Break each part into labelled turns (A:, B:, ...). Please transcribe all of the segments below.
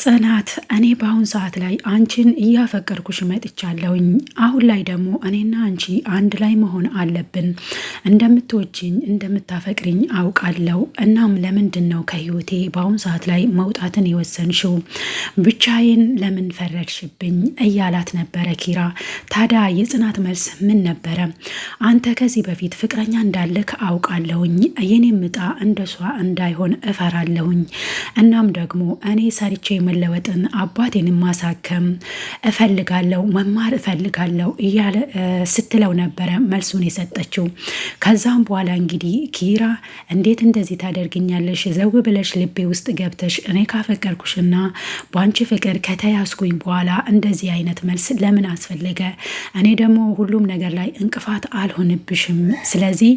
A: ጽናት እኔ በአሁን ሰዓት ላይ አንቺን እያፈቀርኩሽ መጥቻለሁኝ። አሁን ላይ ደግሞ እኔና አንቺ አንድ ላይ መሆን አለብን። እንደምትወጅኝ እንደምታፈቅሪኝ አውቃለሁ። እናም ለምንድን ነው ከህይወቴ በአሁን ሰዓት ላይ መውጣትን የወሰንሽው? ብቻዬን ለምን ፈረድሽብኝ? እያላት ነበረ ኪራ። ታዲያ የጽናት መልስ ምን ነበረ? አንተ ከዚህ በፊት ፍቅረኛ እንዳለክ አውቃለሁኝ። የኔም ዕጣ እንደሷ እንዳይሆን እፈራለሁኝ። እናም ደግሞ እኔ ሰርቼ መለወጥን አባቴን ማሳከም እፈልጋለሁ፣ መማር እፈልጋለሁ እያለ ስትለው ነበረ መልሱን የሰጠችው። ከዛም በኋላ እንግዲህ ኪራ እንዴት እንደዚህ ታደርግኛለሽ? ዘው ብለሽ ልቤ ውስጥ ገብተሽ እኔ ካፈቀርኩሽና በአንቺ ፍቅር ከተያዝኩኝ በኋላ እንደዚህ አይነት መልስ ለምን አስፈለገ? እኔ ደግሞ ሁሉም ነገር ላይ እንቅፋት አልሆንብሽም። ስለዚህ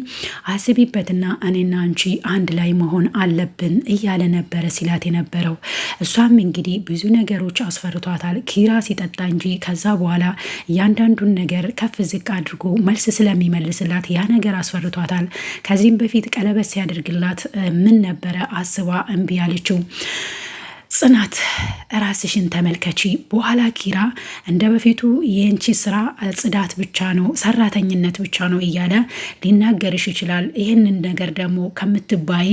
A: አስቢበትና እኔና አንቺ አንድ ላይ መሆን አለብን እያለ ነበረ ሲላት የነበረው እሷም እንግዲህ ብዙ ነገሮች አስፈርቷታል። ኪራ ሲጠጣ እንጂ ከዛ በኋላ እያንዳንዱን ነገር ከፍ ዝቅ አድርጎ መልስ ስለሚመልስላት ያ ነገር አስፈርቷታል። ከዚህም በፊት ቀለበት ሲያደርግላት ምን ነበረ አስባ እምቢ ያለችው? ጽናት ራስሽን ተመልከቺ። በኋላ ኪራ እንደ በፊቱ የንቺ ስራ ጽዳት ብቻ ነው፣ ሰራተኝነት ብቻ ነው እያለ ሊናገርሽ ይችላል። ይህንን ነገር ደግሞ ከምትባይ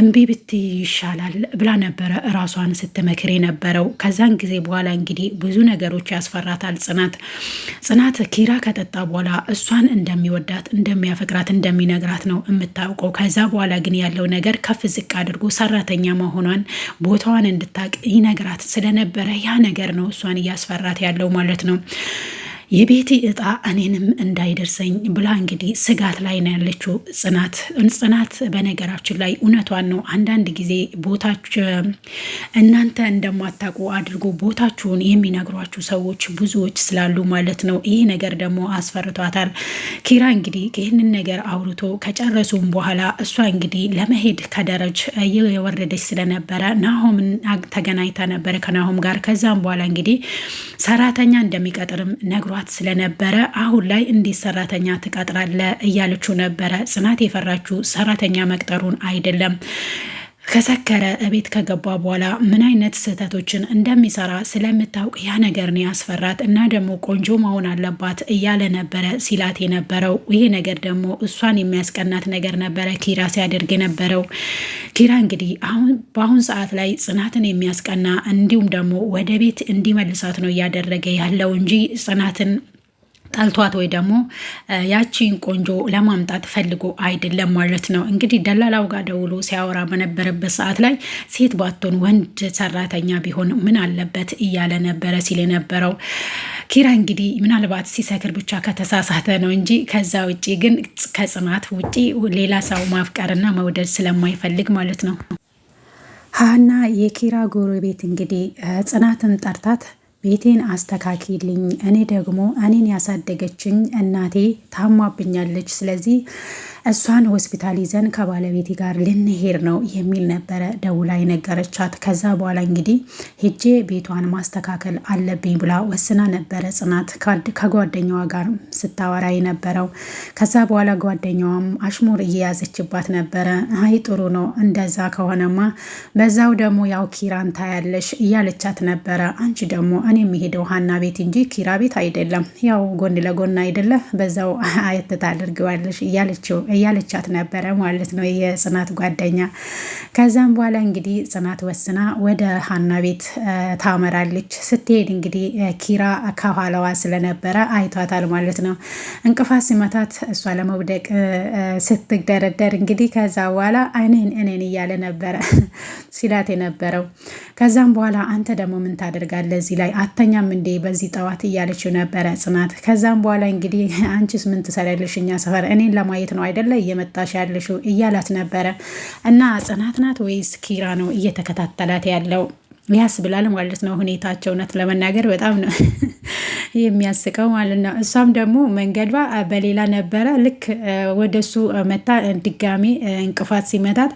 A: እምቢ ብትይ ይሻላል ብላ ነበረ እራሷን ስትመክር የነበረው። ከዛን ጊዜ በኋላ እንግዲህ ብዙ ነገሮች ያስፈራታል ጽናት። ጽናት ኪራ ከጠጣ በኋላ እሷን እንደሚወዳት እንደሚያፈቅራት እንደሚነግራት ነው የምታውቀው። ከዛ በኋላ ግን ያለው ነገር ከፍ ዝቅ አድርጎ ሰራተኛ መሆኗን ቦታዋን እንድታቅ ይነግራት ስለነበረ ያ ነገር ነው እሷን እያስፈራት ያለው ማለት ነው። የቤቲ እጣ እኔንም እንዳይደርሰኝ ብላ እንግዲህ ስጋት ላይ ነው ያለችው ጽናት። ጽናት በነገራችን ላይ እውነቷን ነው። አንዳንድ ጊዜ ቦታች እናንተ እንደማታውቁ አድርጎ ቦታችሁን የሚነግሯችሁ ሰዎች ብዙዎች ስላሉ ማለት ነው። ይህ ነገር ደግሞ አስፈርቷታል። ኪራ እንግዲህ ይህንን ነገር አውርቶ ከጨረሱም በኋላ እሷ እንግዲህ ለመሄድ ከደረጅ የወረደች ስለነበረ ናሆምን ተገናኝታ ነበረ ከናሆም ጋር ከዛም በኋላ እንግዲህ ሰራተኛ እንደሚቀጥርም ነግሯል። ተቀጥሯት ስለነበረ አሁን ላይ እንዴት ሰራተኛ ትቀጥራለ እያለችው ነበረ። ጽናት የፈራችው ሰራተኛ መቅጠሩን አይደለም ከሰከረ እቤት ከገባ በኋላ ምን አይነት ስህተቶችን እንደሚሰራ ስለምታውቅ ያ ነገር ነው ያስፈራት እና ደግሞ ቆንጆ መሆን አለባት እያለ ነበረ ሲላት የነበረው። ይሄ ነገር ደግሞ እሷን የሚያስቀናት ነገር ነበረ ኪራ ሲያደርግ የነበረው። ኪራ እንግዲህ አሁን በአሁን ሰዓት ላይ ጽናትን የሚያስቀና እንዲሁም ደግሞ ወደ ቤት እንዲመልሳት ነው እያደረገ ያለው እንጂ ጽናትን ጠልቷት ወይ ደግሞ ያቺን ቆንጆ ለማምጣት ፈልጎ አይደለም ማለት ነው። እንግዲህ ደላላው ጋር ደውሎ ሲያወራ በነበረበት ሰዓት ላይ ሴት ባትሆን ወንድ ሰራተኛ ቢሆን ምን አለበት እያለ ነበረ ሲል የነበረው ኪራ። እንግዲህ ምናልባት ሲሰክር ብቻ ከተሳሳተ ነው እንጂ ከዛ ውጪ ግን ከጽናት ውጪ ሌላ ሰው ማፍቀርና መውደድ ስለማይፈልግ ማለት ነው። ሀና የኪራ ጎረቤት እንግዲህ ጽናትን ጠርታት ቤቴን አስተካክልኝ፣ እኔ ደግሞ እኔን ያሳደገችኝ እናቴ ታማብኛለች፣ ስለዚህ እሷን ሆስፒታል ይዘን ከባለቤቴ ጋር ልንሄድ ነው የሚል ነበረ ደውላ የነገረቻት። ከዛ በኋላ እንግዲህ ሄጄ ቤቷን ማስተካከል አለብኝ ብላ ወስና ነበረ ጽናት ከጓደኛዋ ጋር ስታወራ የነበረው። ከዛ በኋላ ጓደኛዋም አሽሙር እየያዘችባት ነበረ። አይ ጥሩ ነው እንደዛ ከሆነማ፣ በዛው ደግሞ ያው ኪራን ታያለሽ እያለቻት ነበረ። አንቺ ደግሞ እኔ የሚሄደው ሀና ቤት እንጂ ኪራ ቤት አይደለም፣ ያው ጎን ለጎን አይደለም፣ በዛው አየት ታደርጊዋለሽ እያለችው እያለቻት ነበረ ማለት ነው የጽናት ጓደኛ። ከዛም በኋላ እንግዲህ ጽናት ወስና ወደ ሀና ቤት ታመራለች። ስትሄድ እንግዲህ ኪራ ከኋላዋ ስለነበረ አይቷታል ማለት ነው። እንቅፋት ሲመታት እሷ ለመውደቅ ስትደረደር እንግዲህ ከዛ በኋላ እኔን እኔን እያለ ነበረ ሲላት የነበረው። ከዛም በኋላ አንተ ደግሞ ምን ታደርጋለህ እዚህ ላይ አተኛም እንዴ በዚህ ጠዋት እያለችው ነበረ ጽናት። ከዛም በኋላ እንግዲህ አንቺስ ምን ትሰሪያለሽ እኛ ሰፈር እኔን ለማየት ነው አይደ አይደለ እየመጣሽ ያለሽው እያላት ነበረ። እና ጽናት ናት ወይስ ኪራ ነው እየተከታተላት ያለው ያስ ብላል ማለት ነው ሁኔታቸው። እውነት ለመናገር በጣም ነው የሚያስቀው ማለት ነው። እሷም ደግሞ መንገዷ በሌላ ነበረ። ልክ ወደሱ መታ ድጋሜ እንቅፋት ሲመታት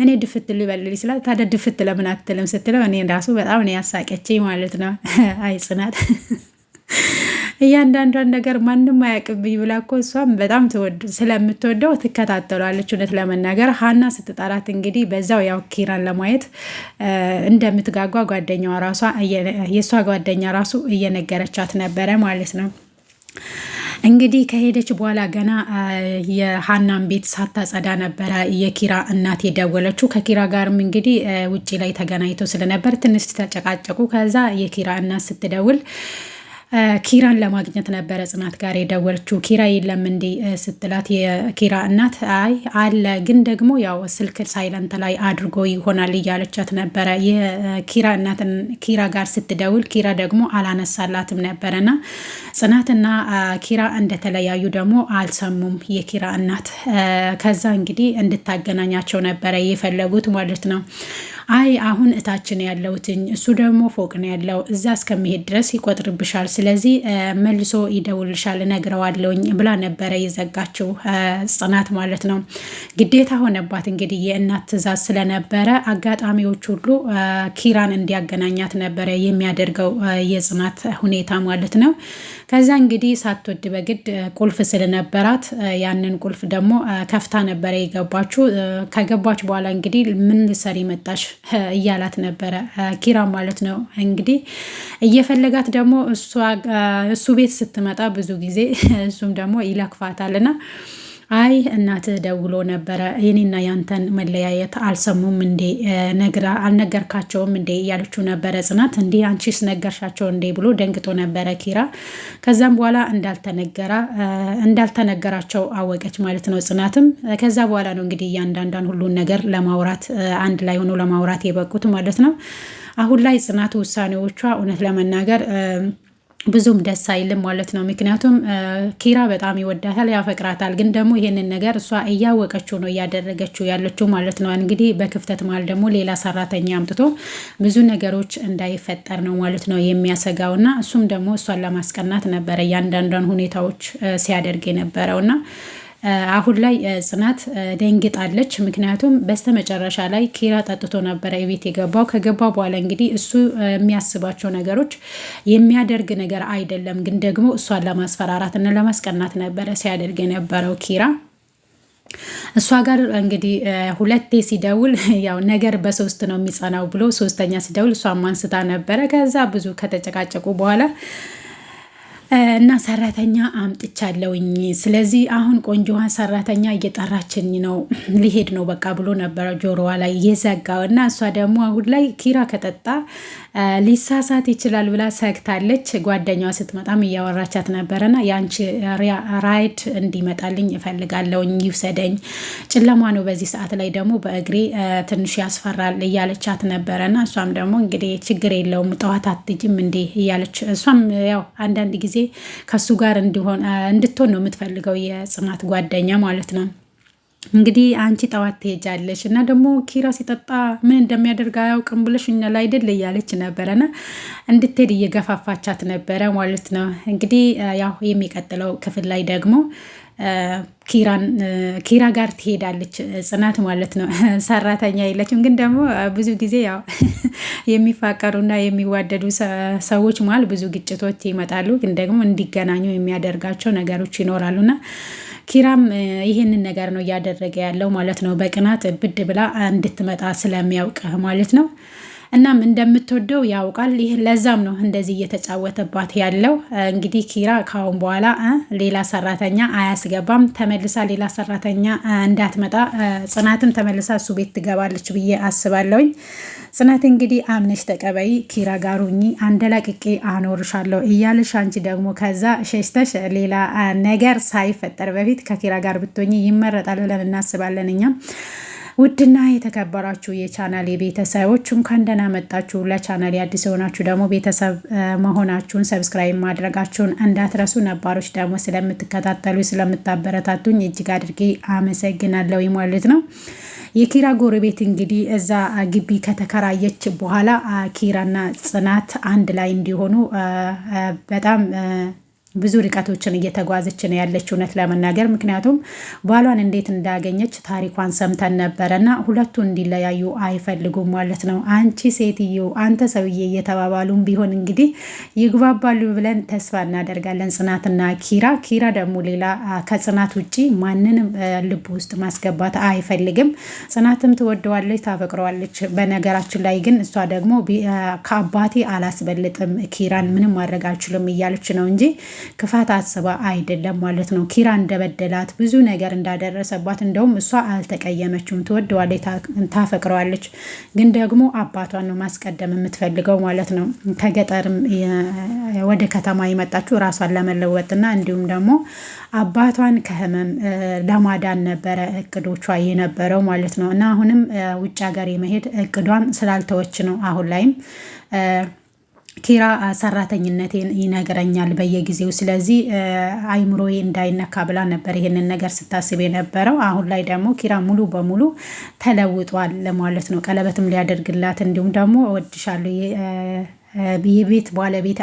A: እኔ ድፍት ልበልል ይችላል። ታዲያ ድፍት ለምን አትልም ስትለው እኔ ራሱ በጣም ነው ያሳቀችኝ ማለት ነው። አይ ጽናት እያንዳንዷን ነገር ማንም አያውቅብኝ ብላ እኮ እሷም በጣም ስለምትወደው ትከታተሏለች። እውነት ለመናገር ሀና ስትጠራት እንግዲህ በዛው ያው ኪራን ለማየት እንደምትጋጓ ጓደኛዋ ራሷ የእሷ ጓደኛ ራሱ እየነገረቻት ነበረ ማለት ነው። እንግዲህ ከሄደች በኋላ ገና የሀናን ቤት ሳታጸዳ ነበረ የኪራ እናት የደወለችው። ከኪራ ጋርም እንግዲህ ውጭ ላይ ተገናኝተው ስለነበር ትንሽ ተጨቃጨቁ። ከዛ የኪራ እናት ስትደውል ኪራን ለማግኘት ነበረ ጽናት ጋር የደወለችው። ኪራ የለም እንዲ ስትላት የኪራ እናት አይ አለ፣ ግን ደግሞ ያው ስልክ ሳይለንት ላይ አድርጎ ይሆናል እያለቻት ነበረ። የኪራ እናትን ኪራ ጋር ስትደውል ኪራ ደግሞ አላነሳላትም ነበረና ጽናትና ኪራ እንደተለያዩ ደግሞ አልሰሙም የኪራ እናት። ከዛ እንግዲህ እንድታገናኛቸው ነበረ የፈለጉት ማለት ነው። አይ አሁን እታችን ያለውትኝ እሱ ደግሞ ፎቅ ነው ያለው እዛ እስከሚሄድ ድረስ ይቆጥርብሻል፣ ስለዚህ መልሶ ይደውልሻል እነግረዋለሁኝ ብላ ነበረ የዘጋችው ጽናት ማለት ነው። ግዴታ ሆነባት እንግዲህ የእናት ትዕዛዝ ስለነበረ አጋጣሚዎች ሁሉ ኪራን እንዲያገናኛት ነበረ የሚያደርገው የጽናት ሁኔታ ማለት ነው። ከዛ እንግዲህ ሳትወድ በግድ ቁልፍ ስለነበራት ያንን ቁልፍ ደግሞ ከፍታ ነበረ የገባችው። ከገባች በኋላ እንግዲህ ምን ልትሰሪ መጣሽ እያላት ነበረ ኪራ ማለት ነው። እንግዲህ እየፈለጋት ደግሞ እሱ ቤት ስትመጣ ብዙ ጊዜ እሱም ደግሞ ይለክፋታል እና አይ እናትህ ደውሎ ነበረ የኔና ያንተን መለያየት አልሰሙም እንዴ ነግራ አልነገርካቸውም እንዴ እያለችው ነበረ ጽናት። እንዲ አንቺስ ነገርሻቸው እንዴ ብሎ ደንግጦ ነበረ ኪራ። ከዛም በኋላ እንዳልተነገራ እንዳልተነገራቸው አወቀች ማለት ነው ጽናትም። ከዛ በኋላ ነው እንግዲህ እያንዳንዳን ሁሉን ነገር ለማውራት አንድ ላይ ሆኖ ለማውራት የበቁት ማለት ነው። አሁን ላይ ጽናት ውሳኔዎቿ እውነት ለመናገር ብዙም ደስ አይልም ማለት ነው። ምክንያቱም ኪራ በጣም ይወዳታል፣ ያፈቅራታል። ግን ደግሞ ይህንን ነገር እሷ እያወቀችው ነው እያደረገችው ያለችው ማለት ነው። እንግዲህ በክፍተት መሀል ደግሞ ሌላ ሰራተኛ አምጥቶ ብዙ ነገሮች እንዳይፈጠር ነው ማለት ነው የሚያሰጋው እና እሱም ደግሞ እሷን ለማስቀናት ነበረ እያንዳንዷን ሁኔታዎች ሲያደርግ የነበረው እና አሁን ላይ ጽናት ደንግጣለች። ምክንያቱም በስተመጨረሻ ላይ ኪራ ጠጥቶ ነበረ የቤት የገባው። ከገባ በኋላ እንግዲህ እሱ የሚያስባቸው ነገሮች የሚያደርግ ነገር አይደለም፣ ግን ደግሞ እሷን ለማስፈራራት እና ለማስቀናት ነበረ ሲያደርግ የነበረው ኪራ እሷ ጋር እንግዲህ ሁለቴ ሲደውል ያው ነገር በሶስት ነው የሚጸናው ብሎ ሶስተኛ ሲደውል እሷ ማንስታ ነበረ። ከዛ ብዙ ከተጨቃጨቁ በኋላ እና ሰራተኛ አምጥቻለውኝ። ስለዚህ አሁን ቆንጆዋን ሰራተኛ እየጠራችኝ ነው፣ ሊሄድ ነው በቃ ብሎ ነበረ ጆሮዋ ላይ የዘጋው እና እሷ ደግሞ አሁን ላይ ኪራ ከጠጣ ሊሳሳት ይችላል ብላ ሰግታለች። ጓደኛዋ ስትመጣም እያወራቻት ነበረና የአንቺ ራይድ እንዲመጣልኝ እፈልጋለሁኝ፣ ይውሰደኝ፣ ጨለማ ነው በዚህ ሰዓት ላይ ደግሞ በእግሬ ትንሽ ያስፈራል እያለቻት ነበረና እሷም ደግሞ እንግዲህ ችግር የለውም ጠዋት አትጅም እንዴ እያለች እሷም ያው አንዳንድ ጊዜ ከሱ ጋር እንድትሆን ነው የምትፈልገው የጽናት ጓደኛ ማለት ነው። እንግዲህ አንቺ ጠዋት ትሄጃለሽ እና ደግሞ ኪራ ሲጠጣ ምን እንደሚያደርግ አያውቅም ብለሽ እኛ ላይ አይደል እያለች ነበረና እንድትሄድ እየገፋፋቻት ነበረ ማለት ነው። እንግዲህ ያው የሚቀጥለው ክፍል ላይ ደግሞ ኪራ ጋር ትሄዳለች ጽናት ማለት ነው። ሰራተኛ የለችም፣ ግን ደግሞ ብዙ ጊዜ ያው የሚፋቀሩና የሚዋደዱ ሰዎች መሀል ብዙ ግጭቶች ይመጣሉ፣ ግን ደግሞ እንዲገናኙ የሚያደርጋቸው ነገሮች ይኖራሉና ኪራም ይህንን ነገር ነው እያደረገ ያለው ማለት ነው። በቅናት ብድ ብላ እንድትመጣ ስለሚያውቅህ ማለት ነው። እናም እንደምትወደው ያውቃል። ይህ ለዛም ነው እንደዚህ እየተጫወተባት ያለው። እንግዲህ ኪራ ካሁን በኋላ ሌላ ሰራተኛ አያስገባም። ተመልሳ ሌላ ሰራተኛ እንዳትመጣ ጽናትም ተመልሳ እሱ ቤት ትገባለች ብዬ አስባለሁኝ። ጽናት እንግዲህ አምነሽ ተቀበይ፣ ኪራ ጋር ሁኚ፣ አንደላቅቄ አኖርሻለሁ እያልሽ አንቺ ደግሞ ከዛ ሸሽተሽ ሌላ ነገር ሳይፈጠር በፊት ከኪራ ጋር ብትሆኚ ይመረጣል ብለን እናስባለን እኛም ውድና የተከበራችሁ የቻናል የቤተሰቦች እንኳን ደህና መጣችሁ። ለቻናል አዲስ የሆናችሁ ደግሞ ቤተሰብ መሆናችሁን ሰብስክራይብ ማድረጋችሁን እንዳትረሱ፣ ነባሮች ደግሞ ስለምትከታተሉ ስለምታበረታቱኝ እጅግ አድርጌ አመሰግናለሁ ማለት ነው። የኪራ ጎረቤት እንግዲህ እዛ ግቢ ከተከራየች በኋላ ኪራና ጽናት አንድ ላይ እንዲሆኑ በጣም ብዙ ርቀቶችን እየተጓዘች ነው ያለች፣ እውነት ለመናገር ምክንያቱም ባሏን እንዴት እንዳገኘች ታሪኳን ሰምተን ነበረ እና ሁለቱ እንዲለያዩ አይፈልጉም ማለት ነው። አንቺ ሴትዮ፣ አንተ ሰውዬ እየተባባሉም ቢሆን እንግዲህ ይግባባሉ ብለን ተስፋ እናደርጋለን ጽናትና ኪራ። ኪራ ደግሞ ሌላ ከጽናት ውጭ ማንንም ልብ ውስጥ ማስገባት አይፈልግም። ጽናትም ትወደዋለች፣ ታፈቅረዋለች። በነገራችን ላይ ግን እሷ ደግሞ ከአባቴ አላስበልጥም ኪራን ምንም ማድረግ አልችልም እያለች ነው እንጂ ክፋት አስባ አይደለም ማለት ነው። ኪራ እንደበደላት ብዙ ነገር እንዳደረሰባት እንደውም እሷ አልተቀየመችውም፣ ትወደዋለች፣ ታፈቅረዋለች። ግን ደግሞ አባቷን ነው ማስቀደም የምትፈልገው ማለት ነው። ከገጠርም ወደ ከተማ የመጣችው ራሷን ለመለወጥና እንዲሁም ደግሞ አባቷን ከህመም ለማዳን ነበረ እቅዶቿ የነበረው ማለት ነው። እና አሁንም ውጭ ሀገር የመሄድ እቅዷን ስላልተወች ነው አሁን ላይም ኪራ ሰራተኝነቴን ይነግረኛል በየጊዜው ስለዚህ አይምሮዬ እንዳይነካ ብላ ነበር ይሄንን ነገር ስታስብ የነበረው። አሁን ላይ ደግሞ ኪራ ሙሉ በሙሉ ተለውጧል ለማለት ነው። ቀለበትም ሊያደርግላት እንዲሁም ደግሞ እወድሻለሁ የቤት ባለቤት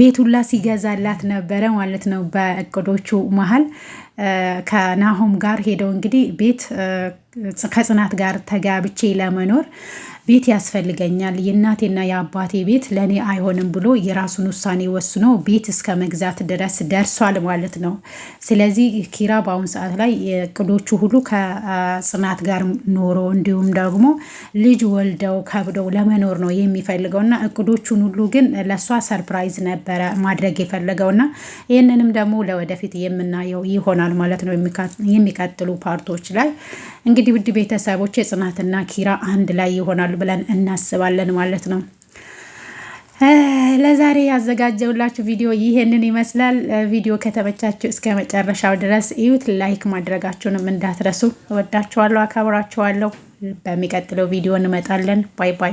A: ቤቱላ ሲገዛላት ነበረ ማለት ነው። በእቅዶቹ መሀል ከናሆም ጋር ሄደው እንግዲህ ቤት ከጽናት ጋር ተጋብቼ ለመኖር ቤት ያስፈልገኛል፣ የእናቴና የአባቴ ቤት ለእኔ አይሆንም ብሎ የራሱን ውሳኔ ወስኖ ቤት እስከ መግዛት ድረስ ደርሷል ማለት ነው። ስለዚህ ኪራ በአሁኑ ሰዓት ላይ እቅዶቹ ሁሉ ከጽናት ጋር ኖሮ እንዲሁም ደግሞ ልጅ ወልደው ከብደው ለመኖር ነው የሚፈልገው እና እቅዶቹን ሁሉ ግን ለእሷ ሰርፕራይዝ ነበረ ማድረግ የፈለገው እና ይህንንም ደግሞ ለወደፊት የምናየው ይሆናል ማለት ነው የሚቀጥሉ ፓርቶች ላይ እንግዲህ ውድ ቤተሰቦች የጽናትና ኪራ አንድ ላይ ይሆናሉ ብለን እናስባለን ማለት ነው። ለዛሬ ያዘጋጀውላችሁ ቪዲዮ ይሄንን ይመስላል። ቪዲዮ ከተመቻችሁ እስከ መጨረሻው ድረስ እዩት። ላይክ ማድረጋችሁንም እንዳትረሱ። እወዳችኋለሁ፣ አከብራችኋለሁ። በሚቀጥለው ቪዲዮ እንመጣለን። ባይ ባይ።